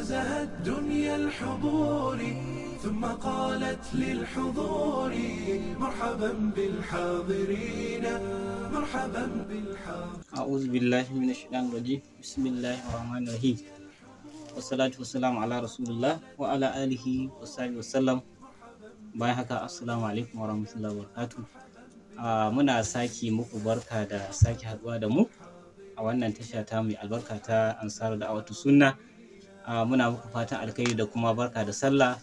وزهت دنيا الحضور ثم قالت للحضور مرحبا بالحاضرين مرحبا بالحاضرين أعوذ بالله من الشيطان الرجيم بسم الله الرحمن الرحيم والصلاة والسلام على رسول الله وعلى آله وصحبه وسلم bayan haka assalamu alaikum wa rahmatullahi wa barakatuh muna saki muku barka da sake haduwa da mu a wannan tasha ta mai albarka ta ansar da awatu sunna muna muku fatan alkhairi da kuma barka da sallah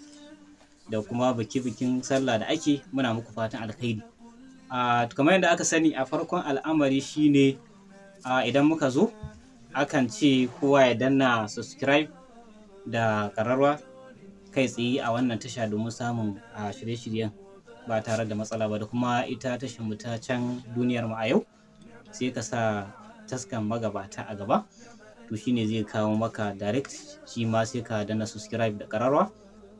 da kuma biki bikin sallah da ake muna muku fatan alkhairi kamar yadda aka sani a farkon al'amari shine idan muka zo akan ce kowa ya danna subscribe da kararwa kai tsaye a wannan tasha domin samun shirye-shiryen ba tare da matsala ba da kuma ita tashin ta can duniyar mu a yau sai ka sa taskan magabata a gaba to ne zai kawo maka direct shi ma sai ka dana subscribe da kararwa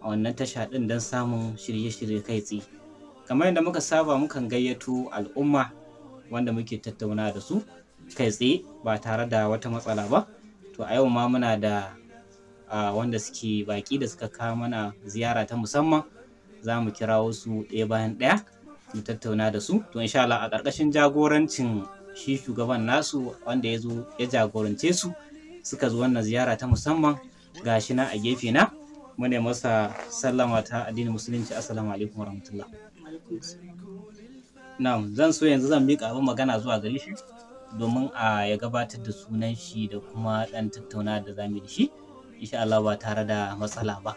a wannan tasha ɗin don samun shirye-shirye kai tsaye kamar yadda muka saba mukan gayyato al'umma wanda muke tattauna da su kai tsaye ba tare da wata matsala ba to a yau ma muna da wanda suke baƙi da suka kawo mana ziyara ta musamman za mu kirawo su ɗaya bayan ɗaya mu tattauna da su to insha Allah a ƙarƙashin jagorancin shi shugaban nasu wanda ya zo ya jagorance su suka zo wannan ziyara ta musamman ga shi nan a gefe na mune masa sallama ta addinin musulunci assalamu alaikum warahmatullah na'am zan so yanzu zan miƙa abin magana zuwa gare shi domin a ya gabatar da sunan shi da kuma ɗan tattauna da zamu da shi insha Allah ba tare da matsala ba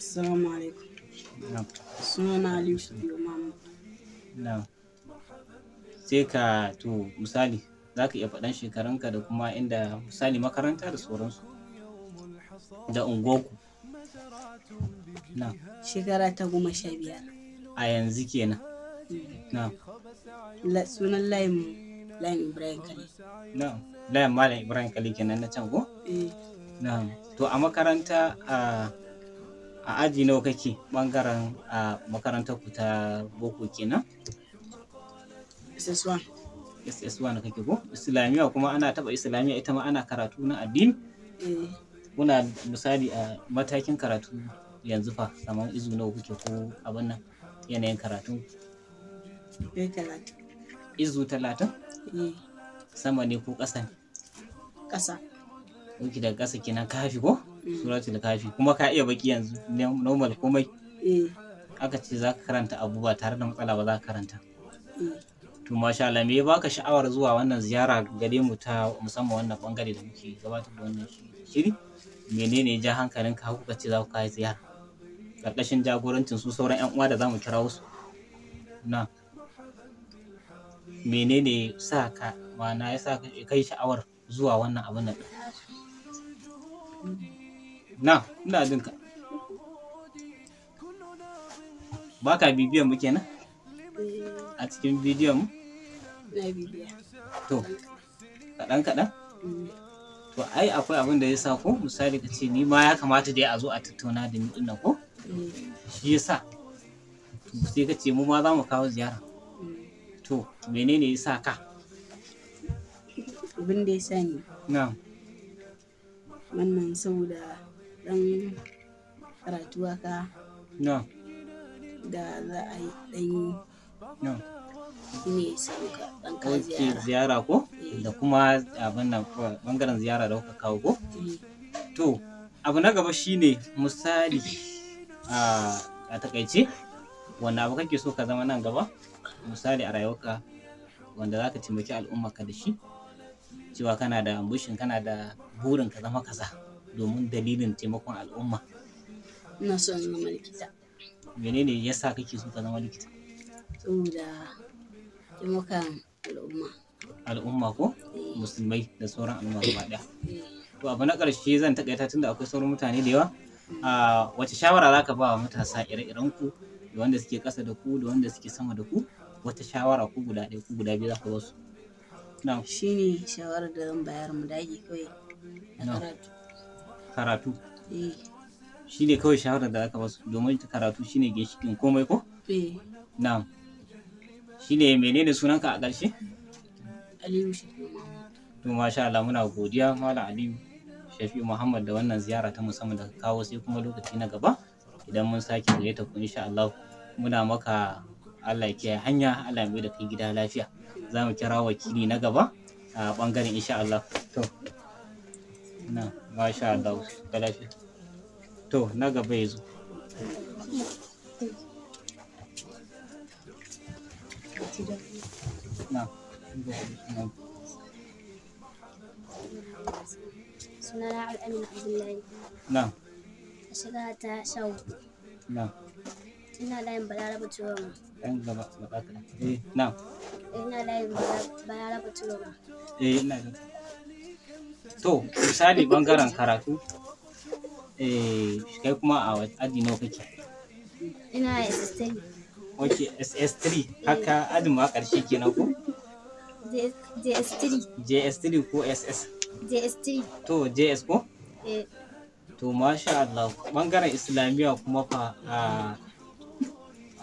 assalamu alaikum na Aliyu Mamu sai ka to misali za ka iya faɗan shekarunka da kuma inda misali makaranta da sauransu da ungoku na shekara ta goma sha biyar a yanzu kenan mm. na sunan layin layin ibrahim kali na layin malam ibrahim kali kenan na can ko eh. na to a makaranta a a aji nawa kake bangaren a makarantar ku ta boko kenan SS1 SS1 kake ko Islamiyya kuma ana taba Islamiyya ita ma ana karatu na addini kuna eh. misali a matakin karatu yanzu fa kamar izu nawa kuke ko abin nan yanayin karatu eh, izu talatin eh. sama ne ko ƙasa ne ƙasa kuki daga ƙasa kenan kafi ko mm. suratul kafi kuma ka iya baki yanzu normal komai aka ce za ka karanta abu ba tare da matsala ba za ka karanta to masha Allah me ya baka sha'awar zuwa wannan ziyara gare mu ta musamman wannan bangare da muke gabatar da wannan shiri menene ja hankalinka ka kuka ce za ku kai ziyara karkashin jagorancin su sauran yan uwa da zamu kira wasu na menene sa ka ma'ana ya sa kai sha'awar zuwa wannan abin nan na ina jin ka baka bibiyan mu kenan a cikin bidiyon mu to kaɗan kaɗan to ai akwai abin da ya sa ko misali ka ce ni ma ya kamata dai a zo a tattauna da ni ɗin ko shi ya sa sai ka ce mu ma za mu kawo ziyara to menene ya sa ka abin da ya sa ni na'am wannan saboda dan ka. da za a yi dan ne sauka ka ziyara ziyara ko eh. da kuma abin nan bangaren ziyara da kuka kawo ko eh. to abu na gaba shine misali a takaice wanda abu kake so ka zama nan gaba misali a rayuwarka wanda za ka taimaki al'ummarka da shi cewa kana da ambushin kana da burin ka zama kaza domin dalilin taimakon al'umma ina son zama likita menene yasa kake so ka zama likita saboda taimakan al'umma al'umma ko eh. musulmai da sauran al'umma gaba eh. ɗaya to abu na ƙarshe zan takaita tunda akwai sauran mutane da yawa hmm. a ah, wace shawara ka ba wa matasa ire-iren ku da wanda suke ƙasa da ku da wanda suke sama da ku wata shawara ku guda ɗaya ku guda biyu ka ba su shine shawarar da zan bayar mu dage kawai karatu karatu eh. shine kawai shawarar da za ka ba su domin karatu shine ginshiƙin komai ko na'am shine menene sunanka a ƙarshe aliyu to Allah muna godiya malam aliyu shafi muhammad da wannan ziyara ta musamman da kawo sai kuma lokaci na gaba idan mun sake ta ku insha Allah muna maka Allah ke hanya Allah mai da kai gida lafiya za mu kira wakili na gaba a ɓangaren insha Allah to na masha Allah lafiya to na gaba ya yazo sunana al'amin abdullahi na a shekara ta sha na ina layin balaraba turoma yan gaba gaba kaɗan eh na ina layin balaraba turoma eh ina da to misali bangaren karatu eh kuma a aji nawa kake ina assistant ok ss3 haka adin ma ƙarshe kenan ko js3 js3 ko ss js3 to js ko eh to masha Allah bangaren islamiyya kuma fa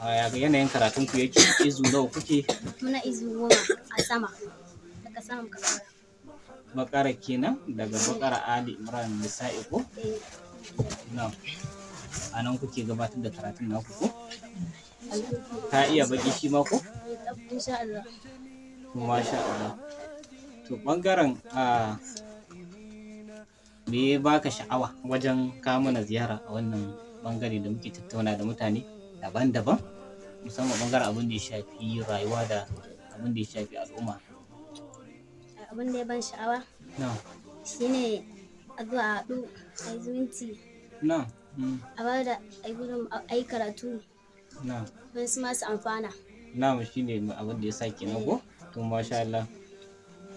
a yanayin karatun ku yake izu nawa kuke muna izu goma a sama daga saman kakara bakara kenan daga bakara ali imran nisa'i ko eh. na'am anan kuke gabatar da karatun naku ko Ka iya baki shi ma ko? Insha Allah. Masha Allah. To bangaren a me ya baka sha'awa wajen ka mana ziyara a wannan bangare da muke tattauna da mutane daban-daban musamman bangaren abin da ya shafi rayuwa da abin da ya shafi al'umma. Abin da ya ban sha'awa? Shine a zuwa haɗu a yi zumunci. Na. Mm. A ba a yi karatu. wasu masu amfana na'am shine abin da ya sake na go to masha Allah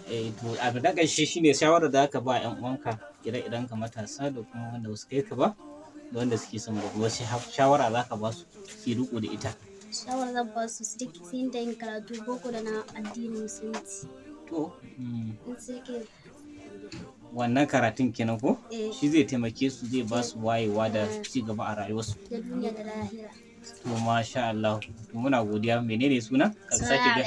eh to abu na ƙarshe shine shawarar da aka ba yan uwanka ire-iren ka matasa da kuma wanda wasu kai ka ba da wanda suke son gobe wasu shawara za ka ba su su riko da ita shawara za ba su su yin da yin karatu boko da na addinin musulunci to mm, wannan karatun kenan ko eh. shi zai taimake su zai ba su wayewa da eh. ci gaba a rayuwarsu da duniya da lahira to masha Allah muna godiya menene suna ka sake ga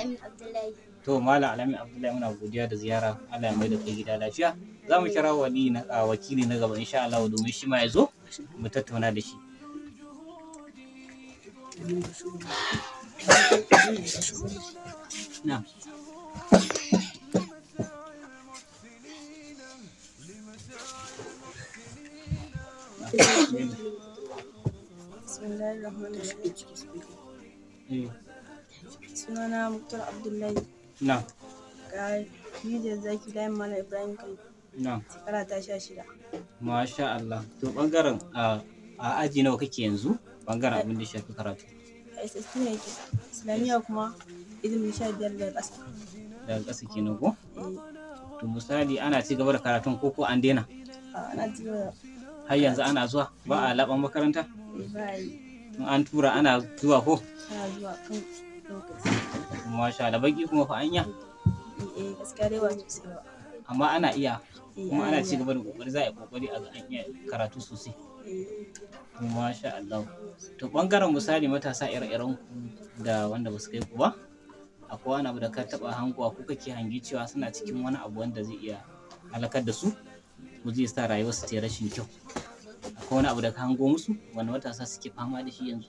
to malam alamin abdullahi muna godiya da ziyara Allah ya mai da kai gida lafiya za mu kira wani na wakili na gaba insha Allah domin shi ma ya zo mu tattauna da shi Na'am. Rahman Speech Sunana Muktar Abdullahi. Na. Ga Mijin Zaki Layin mana Ibrahim Kai. Na. Shekara ta sha shida. Masha Allah. To bangaren a aji nawa kake yanzu? Bangaren abin da shafi karatu. SST ne ke. Islamiyya kuma ilimin sha biyar daga ƙasa. Daga ƙasa ke ko? Eh. To misali ana ci gaba da karatun koko an daina? Ana ci gaba. Har yanzu ana zuwa ba a laban makaranta? Eh, ba yi. in an tura ana zuwa ko masha da baki kuma fa anya eh, amma ana iya eh, kuma ana ci da kokari za a yi kokari a an iya karatu sosai eh. masha Allah to bangaren misali matasa ire-iren da wanda ba su kai ku ba akwai wani abu da ka taba hankuwa ko kake hangi cewa suna cikin wani abu wanda zai iya halakar da su ku zai sa rayuwarsu ta rashin kyau akwai wani abu da ka hango musu wanda matasa suke fama da shi yanzu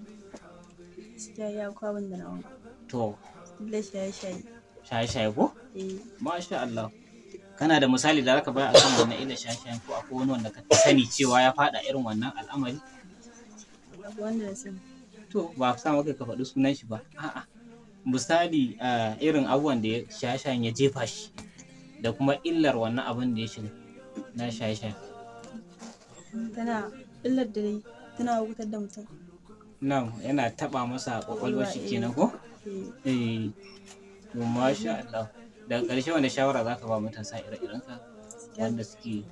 gaskiya na to da shaye-shaye shaye-shaye ko eh masha Allah kana da misali da zaka bayar akan wannan ila shaye-shayen ko akwai wani wanda ka sani cewa ya fada irin wannan al'amari wanda na sani to ba sa maka ka faɗi sunan shi ba a'a misali eh, irin abubuwan da shaye-shayen ya jefa shi da kuma illar wannan abin da ya shiga na shaye-shayen tana illar da dai tana wutar da mutum nan yana taba masa kwakwalwar shi kenan ko eh, eh. masha Allah daga ƙarshe wanda shawara za ka ba sa ire-iren ka wanda suke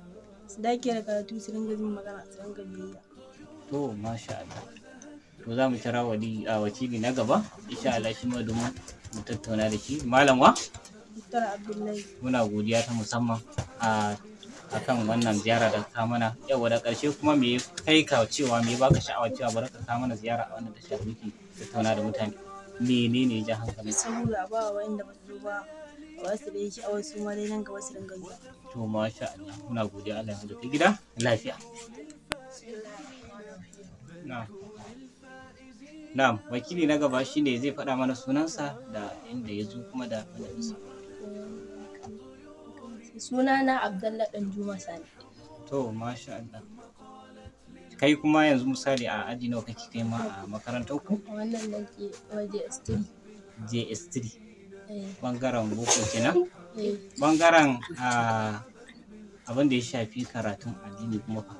su dake da karatu su ringa magana su ringa biyayya to masha Allah to za mu kira wali a wakili na gaba insha Allah shi ma domin mu tattauna da shi malam wa muna godiya ta musamman a akan wannan ziyara da ka mana yau da ƙarshe kuma me kai ka cewa me baka sha'awa cewa bari ka kawo mana ziyara a wannan tashar miki tattauna da mutane menene ya ja hankali saboda ba wanda ba su ba wasu da sha'awar su ma dai nan ga wasu dinga zuwa to masha Allah muna godiya Allah ya ta gida lafiya na'am na'am wakili na gaba shine zai faɗa mana sunansa da inda ya zo kuma da wanda sunana abdallah danjuma sani to masha Allah kai kuma yanzu misali a aji nawa kake kai ma a makarantar ku wannan nan ke JS3 JS3 eh. bangaren boko kenan eh. bangaren abin da ya shafi karatun addini kuma fa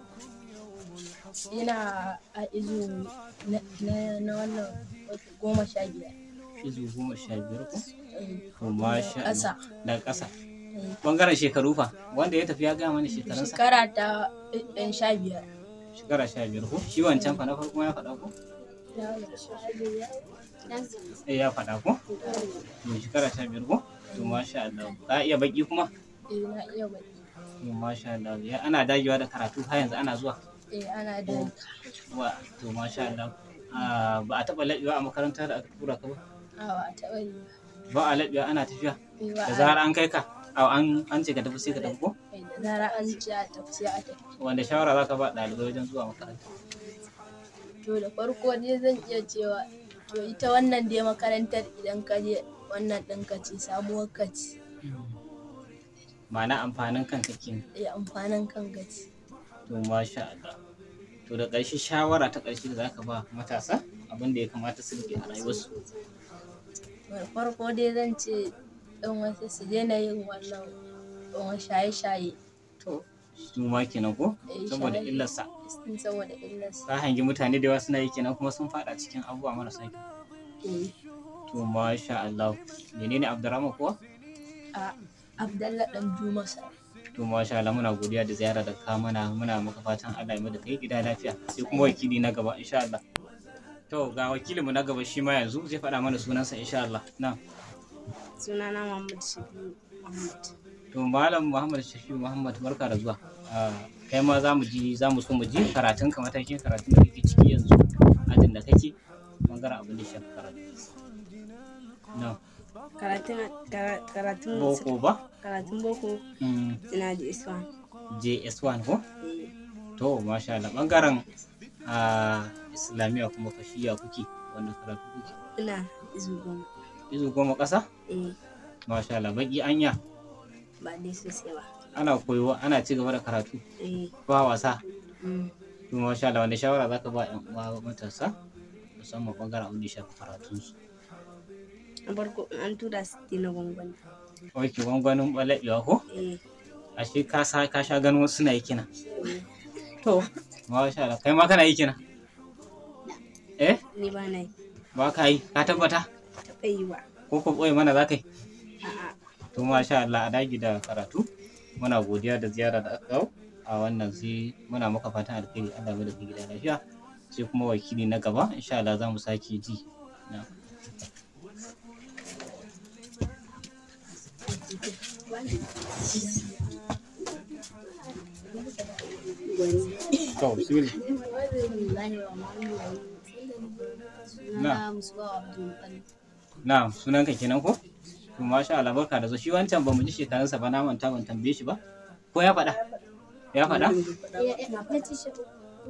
ina a izu na wannan goma sha biyar izu goma sha biyar ko? Eh. Masha Allah. ɗan ƙasa. Bangaren shekaru fa, wanda ya tafi ya gaya mani shekarunsa. Shekara ta ɗan eh, sha biyar. Shekara sha biyar ko? Shi wancan fa na farko ya faɗa ko? Eh ya faɗa ko? To shekara sha biyar ko? To masha Allah. Ka iya baki kuma? Eh na iya baki. To masha Allah. Ya ana dagewa da karatu har yanzu ana zuwa. Eh ana dagewa. Wa to masha Allah. Ah, ba a taɓa laɓewa a makaranta da aka tura ka ba? Ah, ba a taɓa yi ba. Ba a laɓewa ana tafiya? Eh, da zarar an kai ka? Aw an an ce ka tafi sai ka tafi ko? Gara an ce a tafi a tafi. Wanda shawara za ka ba ɗalibai wajen zuwa makaranta? To da farko dai zan iya cewa to ita wannan dai makarantar idan ka je wannan ɗin ka ce samuwar ka ce. Ma'ana amfanin kanka ke? Eh amfanin kanka ce. To masha Allah. To da ƙarshe shawara ta ƙarshe da za ka ba matasa abin da ya kamata su rike a rayuwarsu. farko dai zan ce Ɗan wasu su daina yin wannan shaye-shaye to ma kenan ko eh, saboda illarsa saboda illarsa ka hangi mutane da yawa suna yi kenan kuma sun fada cikin abubuwa marasa kyau eh. to masha Allah menene Abdurrahman kuwa a Abdallah dan Jumasa to masha Allah muna godiya da ziyara da ka mana muna maka fatan Allah ya mu da kai gida lafiya sai kuma wakili na gaba insha Allah to ga wakilinmu na gaba shi ma yanzu zai faɗa mana sunansa insha Allah na'am sunana muhammad Shafi muhammad to malam muhammad Shafi muhammad barka da zuwa ah, kai ma za mu ji za mu so mu ji karatun ka matakin karatun da kake ciki yanzu ajin da kake bangaren abin da shafi karatu no karatun karatun boko ba karatun boko mm. ina js1 js1 ko mm. to masha Allah bangaren a ah, islamiyya kuma kashiya kuke wannan karatu kuke ina izu goma Izu goma kasa? Eh. Masha Allah, baki anya. Ba dai sosai ba. Ana koyo, ana ci gaba da karatu. Eh. Ba wasa. Mm. masha Allah, wanda shawara zaka ba ƴan uwa matasa musamman bangaren abin da shafi karatun su. Barko an tura su na gwangwani. Wake gwangwanin ɓalaɓewa ko? Eh. Ashe ka sa ka sha gano wasu suna yi kina. Eh. To, masha Allah, kai ma kana yi kina. Eh? Ni ba na yi. Ba ka yi, ka tabbata? taɓa yi wa ko ko ɓoye mana za ka yi to masha Allah a dagi da karatu muna godiya da ziyara da aka kawo a wannan sai muna maka fatan alkhairi Allah mai da gida lafiya sai kuma wakili na gaba insha Allah za mu sake ji To, Na. na'am sunanka kenan ko to masha Allah barka da zo shi wancan ba mu ji sa ba na manta ban tambaye shi ba ko ya faɗa ya faɗa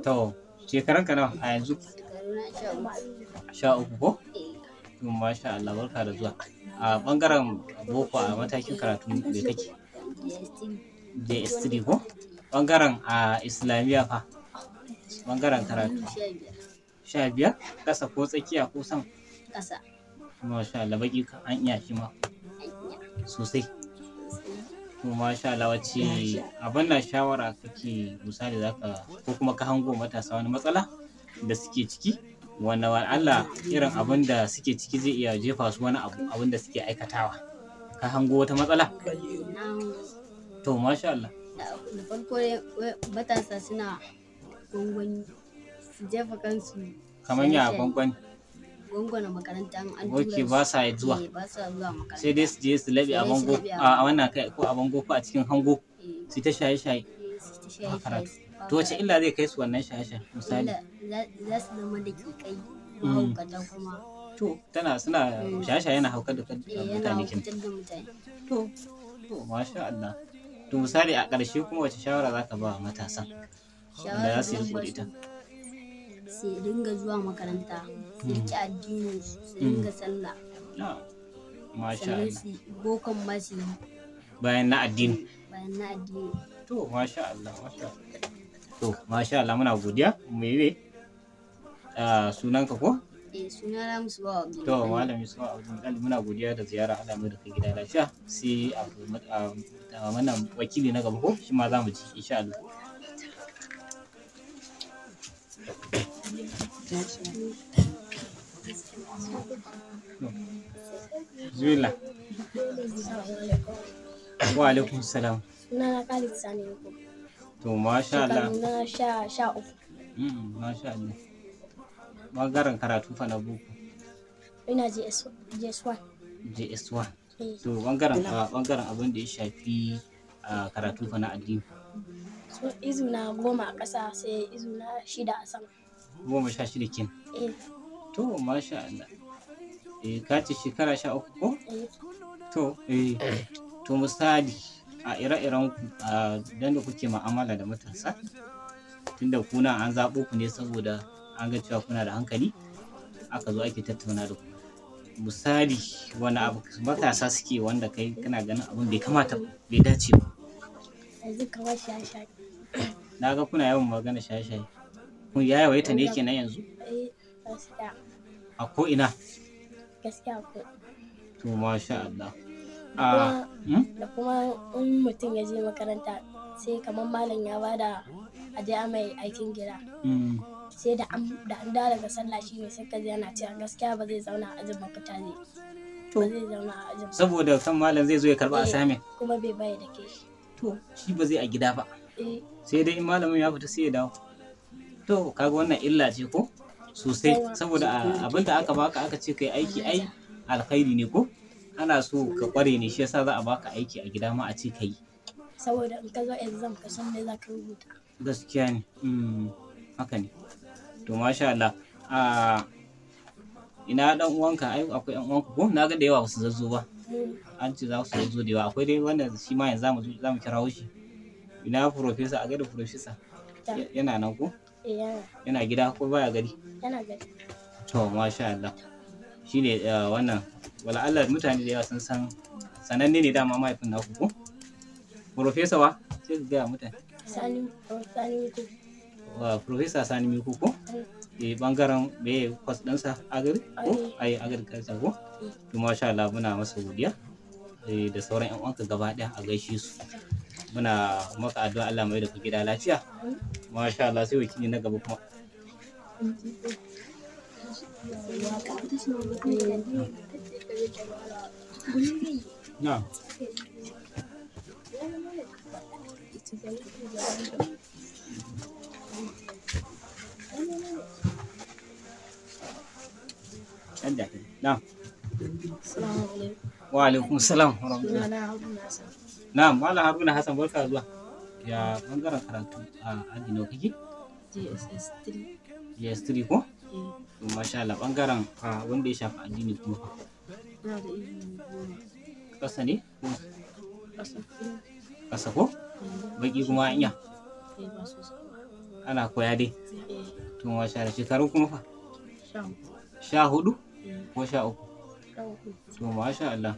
to shekarunka nawa a yanzu sha uku ko to masha Allah barka da zuwa a ɓangaren boko a matakin karatu da kake Da 3 ko Ɓangaren a islamiyya fa ɓangaren karatu sha biyar ƙasa ko tsakiya ko sama ƙasa masha Allah baki kan an iya shi ma sosai kuma masha Allah wace abin da shawara kake misali zaka ko kuma ka hango matasa wani matsala da suke ciki wanda Allah irin abin da suke ciki zai iya jefa su wani abu abin da suke aikatawa ka hango wata matsala to masha Allah da farko matasa suna gwangwani su jefa kansu kamar ya gwangwani gwangwana makaranta an tura su ba sa zuwa eh, ba sai dai su je su labe a bango a wannan kai ko a bango ko a cikin hango eh. su ta shaye shaye a karatu to wace illa zai kai su wannan shaye shaye misali za su zama da kikai mm. mahaukata kuma to tana suna mm. shaye shaye yana haukar da eh, mutane kin to to masha Allah to misali a ƙarshe kuma wace shawara zaka ba wa matasa? da za su yi riko ita sai dinga zuwa makaranta su riƙe hmm. addinin su dinga hmm. sallah Masha allah. bokan ma bayan na addini bayan na addini to masha Allah masha to masha Allah muna godiya mebe ah, sunanka ko eh, suna Ramus ba Abdul. To Malam Yusuf Abdul Kali muna godiya da ziyara Allah mai da kai gida lafiya sai a ah, mana ah, wakili na gaba ko shi ma za mu ci insha Allah. Bismillah. Wa alaikum salam. Suna na Khalid Sani Yoko. To masha Allah. Na sha sha uku. Mm, masha Allah. Bangaren karatu fa na buku? Ina JS1. JS1. Eh. To bangaren bangaren ah, abin da ya shafi ah, karatu fa na addini. So izu na goma a ƙasa sai izu na shida a sama. goma sha shida kin eh. to masha Allah eh ka ce shekara sha uku ko eh. to eh to misali a ire-iren ku a da kuke ma'amala da matasa tunda kuna an zaɓo ku ne saboda an ga cewa kuna da hankali aka zo ake tattauna da ku misali wani abu matasa suke wanda kai kana ganin abin bai kamata bai dace ba yanzu kawai shaye-shaye na ga kuna yawan magana shaye-shaye kun ya yawaita ne kenan yanzu eh, a ko ina gaskiya ko to masha Allah ah, hmm? da kuma in mutum ya je makaranta sai kamar malam ya bada a je mai aikin gida hmm. sai da an da daga sallah shi ne sai ka yana cewa gaskiya ba zai zauna a ajin makaranta ne ba zai zauna a saboda san malam zai zo ya karba eh, assignment kuma bai bai da ke to shi ba zai a gida ba eh. sai dai in malamin ya fita sai ya dawo to kaga wannan illa ce ko sosai saboda abinda aka baka aka ce kai aiki ai alkhairi ne ko ana so ka kware ne shi yasa za a baka aiki a gida ma a ce kai saboda in ka zo exam ka san me za ka rubuta gaskiya ne mm, haka ne to masha Allah a ina dan uwanka ai akwai yan uwanku ko na ga da yawa su zazzo ba an ce za su zazzo da yawa akwai dai wanda shi ma yanzu za mu kirawo shi ina professor a ga da professor yana nan ko yana gida ko baya gari yana gari to masha Allah shine eh, wannan wala Allah mutane da yawa sun san sananne ne dama mahaifin naku ko professor wa sai ka gaya mutane sani oh, sani wa professor sani miku ko e bangaren me kwas a gari ko ai agriculture ko mm. to masha Allah muna masa godiya eh, da sauran yan uwanka gaba ɗaya a gaishe su muna maka addu'a Allah mai da ku gida lafiya mm. masha Allah sai wakili na gaba kuma na Na'am. Assalamu alaikum. Wa alaikum assalam. Na'am, Malam Haruna Hassan barka zuwa. ya bangaren karatu a aji na kake jss3 js3 ko to eh. masha Allah bangaren wanda ya shafi addini kuma fa da kasa ne ko kasa ko eh. baki kuma anya eh, ana koya dai Tun masha Allah shekaru kuma fa sha hudu ko sha uku Tun masha Allah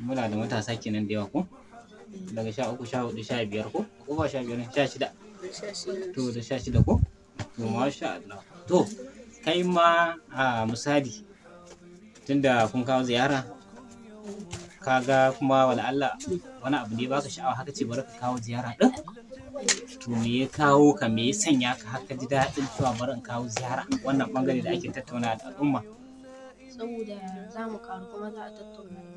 muna da matasa kenan da yawa ko daga sha uku sha hudu sha biyar ko ko ba sha biyar sha shida to da sha shida ko to masha Allah to kai ma a misali tunda kun kawo ziyara kaga kuma wala Allah wani abu ne baka sha'awa haka ce bari ka kawo ziyara din to me ya kawo ka me ya sanya ka haka ji daɗin cewa bari in kawo ziyara wannan bangare da ake tattauna da al'umma saboda za mu karu kuma za a tattauna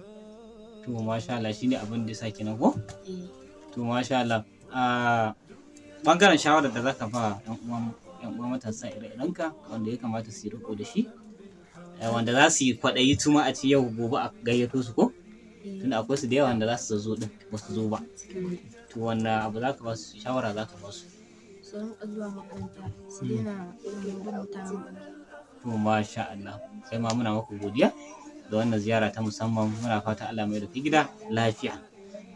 to masha Allah ne abin da yasa kenan ko eh. to masha Allah a bangaren shawarar da zaka ba yan uwan yan uwan matasa ire ka wanda ya kamata su riko da shi eh, wanda za su yi kwaɗayi tuma a ce yau gobe a gayyato su ko eh. tun akwai su da yawa wanda za su zo din ba su zo ba to wanda abu za ka ba su shawara za ka ba su su rinka zuwa makaranta su daina hmm. irin rubuta to masha Allah sai ma muna maku godiya da wannan ziyara ta musamman muna fata Allah mai da gida lafiya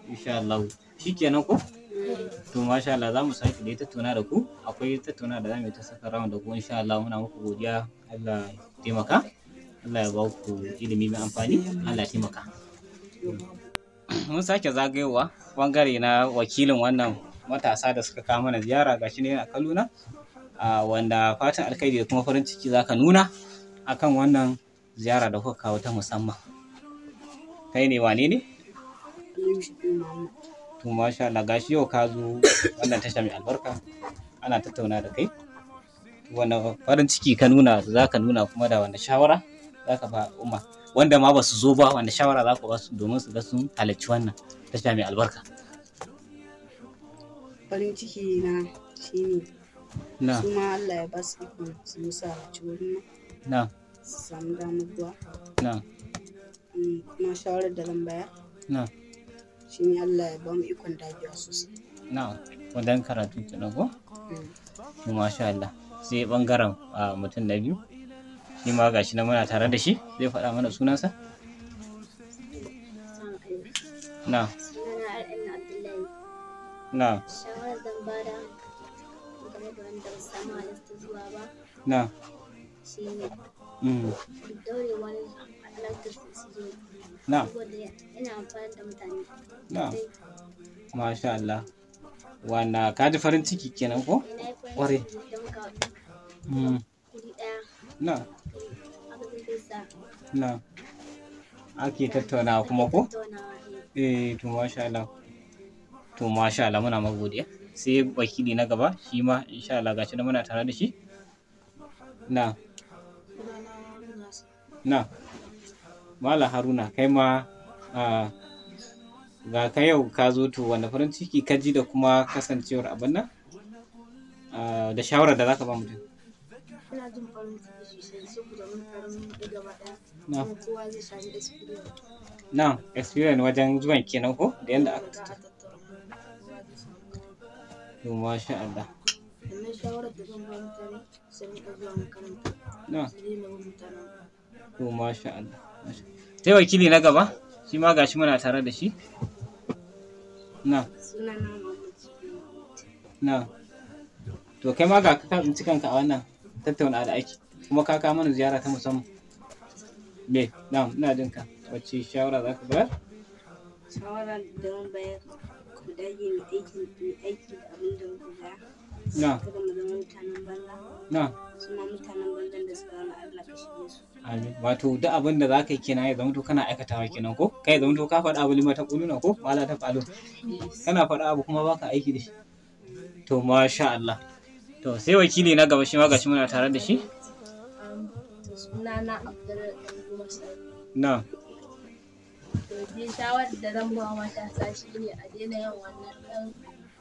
insha Allah shikenan ko to masha Allah za mu sake da tattauna da ku akwai tattauna da zamu ta saka rawan da ku insha Allah muna muku godiya Allah ya taimaka Allah ya ba ku ilimi mai amfani Allah ya taimaka mun sake zagayowa bangare na wakilin wannan matasa da suka kawo mana ziyara gashi ne a kaluna. wanda fatan alkhairi da kuma farin ciki zaka nuna akan wannan ziyara da kuka kawo ta musamman kai ne wane ne to masha Allah gashi yau ka zo wannan tasha mai albarka ana tattauna da kai wanda farin ciki ka nuna za ka nuna kuma da wanda shawara za ka ba umma wanda ma ba su zo ba wanda shawara za ku ba su domin su ga sun halarci wannan tasha mai albarka farin ciki na shine na kuma Allah ya ba su ikon su musa a cikin na su samu damar na mm, kuma shawarar da zan bayar na shi ne Allah ya ba mu ikon dajiya sosai na wadan karatu ta nago mm. to masha Allah sai bangaren mutum na biyu shi ma gashi na muna tare da shi zai faɗa mana sunansa na na shawarar zan na Mm. daurewa ne halartar na amfani da mutane na masha Allah Wannan ka ji farin ciki kenan ko ƙware mm. na na ake tattauna kuma ko eh. eh to masha Allah to masha Allah muna magodiya sai wakili na gaba shi ma insha Allah gashi da muna tare da shi na na mala haruna kai ma ga ka yau ka zo to wanda farin ciki ka ji da kuma kasancewar abin nan da shawarar da za ka ba mutum ina jin ciki kuma kowa zai sami na experience wajen zuwan kenan ko da yadda aka tuta to masha Allah sannan shawarar da zan ba mutane su rinka zuwa makaranta su daina mutanen to masha Allah sai wakili na gaba shi ma gashi muna tare da shi na na to kai ma ga ka tsinci kanka a wannan tattauna da aiki kuma ka kawo mana ziyara ta musamman me na ina jin ka wacce shawara za ka bayar shawara da bayar ku dage mai aiki da abin da muka na na Amin. Wato duk abin da za ka yi kenan ya zama to kana aikatawa kenan ko? Kai zama to ka faɗa abu lima ta kununa ko? Mala ta falo. Kana faɗa abu kuma baka aiki da shi. To masha Allah. To sai wakili na gaba shi ma gashi muna tare da shi. Um, sunana Abdul Na. To bi shawar da zan ba matasa shi ne a daina yin wannan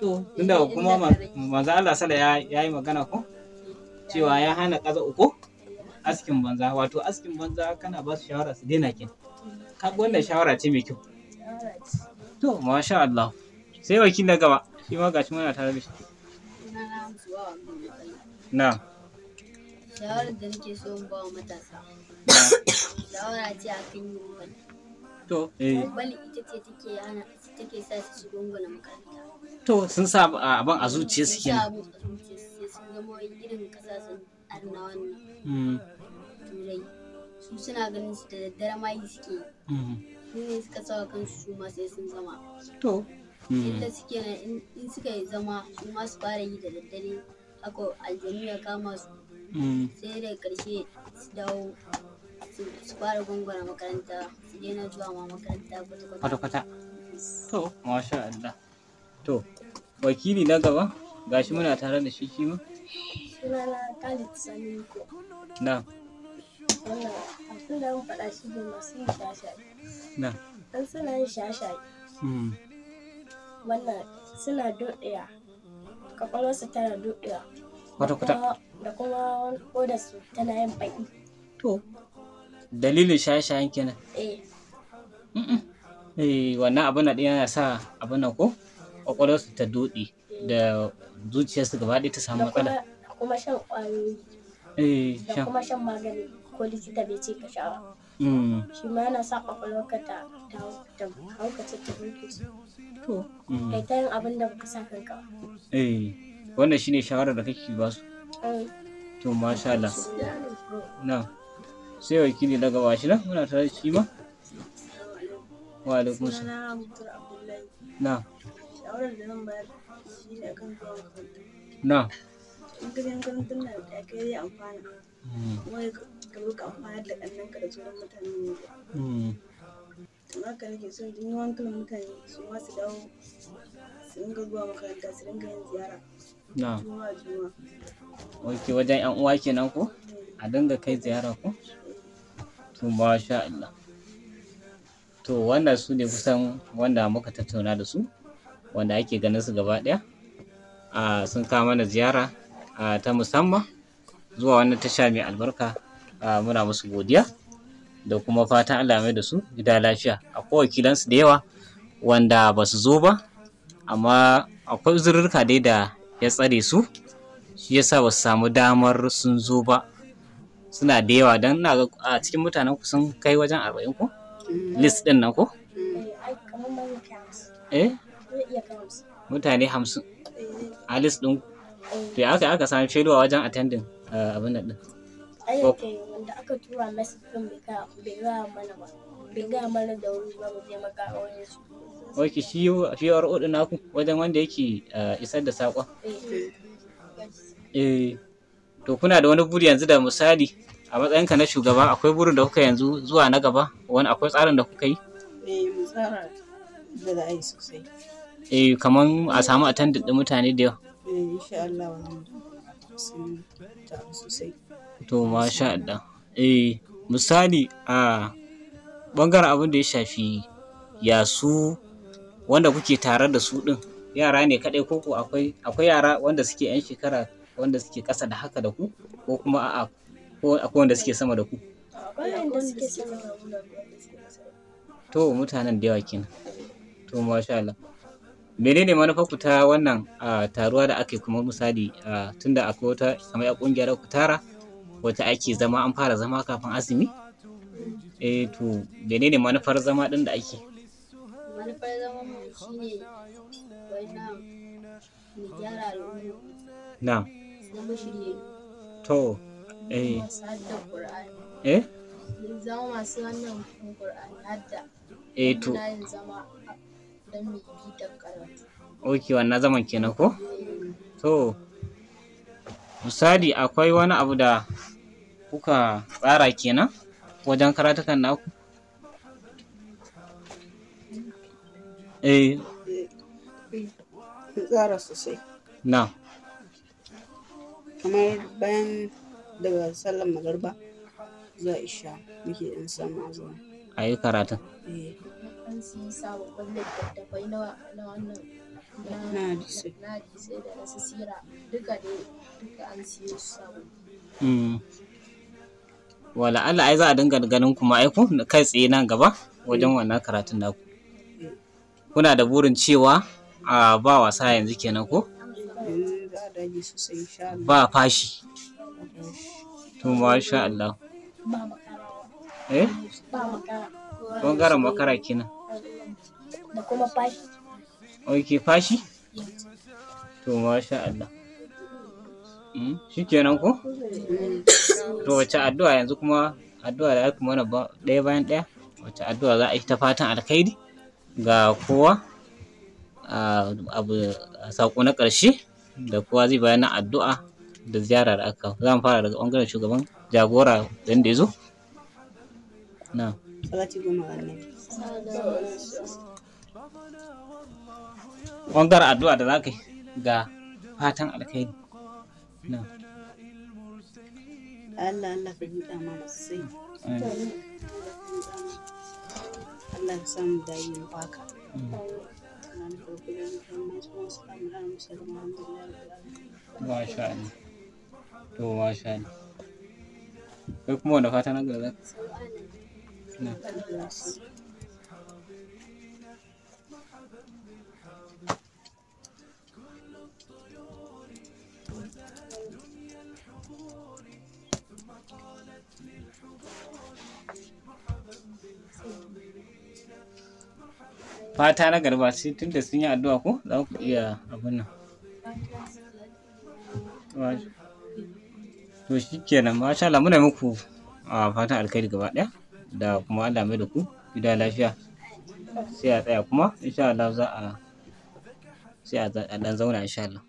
tunda kuma manzo Allah sala ya yayi magana ko cewa ya hana kaza uku askin banza wato askin banza kana ba su shawara su dena kin ka wannan shawara ce mai kyau to masha Allah sai wakil na gaba shi ma gashi muna tare da shi na shawarar da nake so in ba matasa shawara ce a kan yi wani to eh bali ita ce take hana take sa su shiga ungula makaranta to sun sa abin a zuciya su kenan sun zama irin kasashen arna wannan hmm. turai su suna ganin su da daddare ma yi suke hmm. ne suka sa kansu su ma sai sun zama to yadda hmm. suke in suka yi zama su ma su fara yi da daddare haka aljanu ya kama su sai da karshe su dawo su fara gungura makaranta su daina zuwa ma makaranta kwata-kwata To, masha Allah. To, wakili na gaba, gashi muna tare da shi kima? Sunana Khalid Sani Na. Wannan abin da mun faɗa shi ne masu yin shashaye. Na. Dan suna yin shashaye. Hmm. Wannan suna doɗeya. Kwakwalwarsu tana doɗeya. Kwata-kwata. Da kuma kodarsu tana yin baƙi. To, dalilin shashayen kenan. Eh. Eh, wannan abin nan yana sa abin nan ko su ta dodi da zuciyarsu gaba ɗaya ta samu matsala da kuma shan ƙwayoyi eh da kuma shan magani ko likita bai ce ka sha ba hmm. shi ma yana sa kwakwalwarka ta ta haukace ta dodi to hmm. kai ta yin abin da baka sa kanka ba eh wannan shine shawarar da kake ba su eh. to masha Allah na sai wakili na gaba shi nan muna tare da shi ma wa alaikum salam na shawarar da ne makaranta na ka na da yi kuma ka hmm. nake so yi mutane su ma dawo su dinga zuwa makaranta su dinga yin ziyara na juma wajen yan uwa kenan ko hmm. a dinga kai ziyara ko eh. to masha Allah to wannan su ne kusan wanda muka tattauna da su wanda ake ganin su gaba ɗaya uh, sun kawo mana ziyara uh, ta musamman zuwa wannan tasha mai albarka uh, muna musu godiya da kuma fatan Allah mai da su gida lafiya A akwai su da yawa wanda ba su zo ba amma akwai zururuka dai da ya tsare su shi yasa ba su samu damar sun zo ba suna da yawa don a cikin mutanen kusan kai wajen arba'in ko list din nan ko? Eh? Mutane hamsin. Eh. A list din. Eh. To ya aka aka sami failure wajen attending eh, abin nan din. ɗin. wanda aka tura message ɗin bai gaya mana ba. Bai gaya mana da wuri ba mu je maka a wajen su. Ok, shi yi PRO ɗin naku wajen wanda yake isar da saƙon. Eh. To kuna da wani buri yanzu da misali a matsayinka na shugaba akwai burin da kuka yanzu zuwa na gaba wani akwai tsarin da kuka yi eh mu tsara da za a sosai eh kaman a samu attendant din mutane da yawa eh insha Allah wannan sosai to masha Allah eh misali a bangaren abin da ya shafi ya su wanda kuke tare da su din yara ne kadai ko akwai akwai yara wanda suke yan shekara wanda suke kasa da haka da ku ko kuma a'a ko akwai wanda suke sama da ku to mutanen da yawa kenan to masha Allah menene manufar ku ta wannan taruwa da ake kuma misali tunda akwai wata kamar ya kungiyar da ku tara wata ake zama an fara zama kafin azumi eh to menene manufar zama din da ake manufar zama mu shine wannan mu gyara al'umma na zama shirye to eh eh zama masu wannan Qur'ani hadda eh to zama don mu bitan karatu okay wannan zaman kenan ko to misali akwai wani abu da kuka tsara kenan wajen karatukan naku eh tsara sosai na kamar bayan daga sallar magarba za a isha muke dan samu a zuwa. a yi karatu? Eh. an sun sa babban littattafai na wannan na hadisai da nasu sira duka da duka an siyo su sabon hmm. wala Allah ai za a dinga ganin kuma ai ku kai tsaye nan gaba wajen wannan karatun naku eh. kuna da burin cewa a ba wasa yanzu kenan ko ba fashi To masha Allah. Eh? Bangaren makara kina. Da kuma fashi. Ok, fashi? To masha Allah. Hmm? Shi kenan ko? To wace addu'a yanzu kuma addu'a da aka mana ɗaya bayan ɗaya? Wace addu'a za a yi ta fatan alkhairi ga kowa? Ah, abu saƙo na ƙarshe da kowa zai bayan addu'a da ziyara da aka za mu fara daga ɓangaren shugaban jagora inda ya zo na ɓangar addu'a da za ka yi ga fatan alkhairi na Allah Allah ka sai Allah ka samu da yi waka Allah. to masha ne kai kuma wanda fata na gaba na fata na garba ce tunda sun yi addu'a ko za ku iya abin nan to kenan masha Allah muna muku a fatan alkhairi gaba daya da kuma Allah mai da ku gida lafiya sai a tsaya kuma insha Allah za a sai a dan zauna insha Allah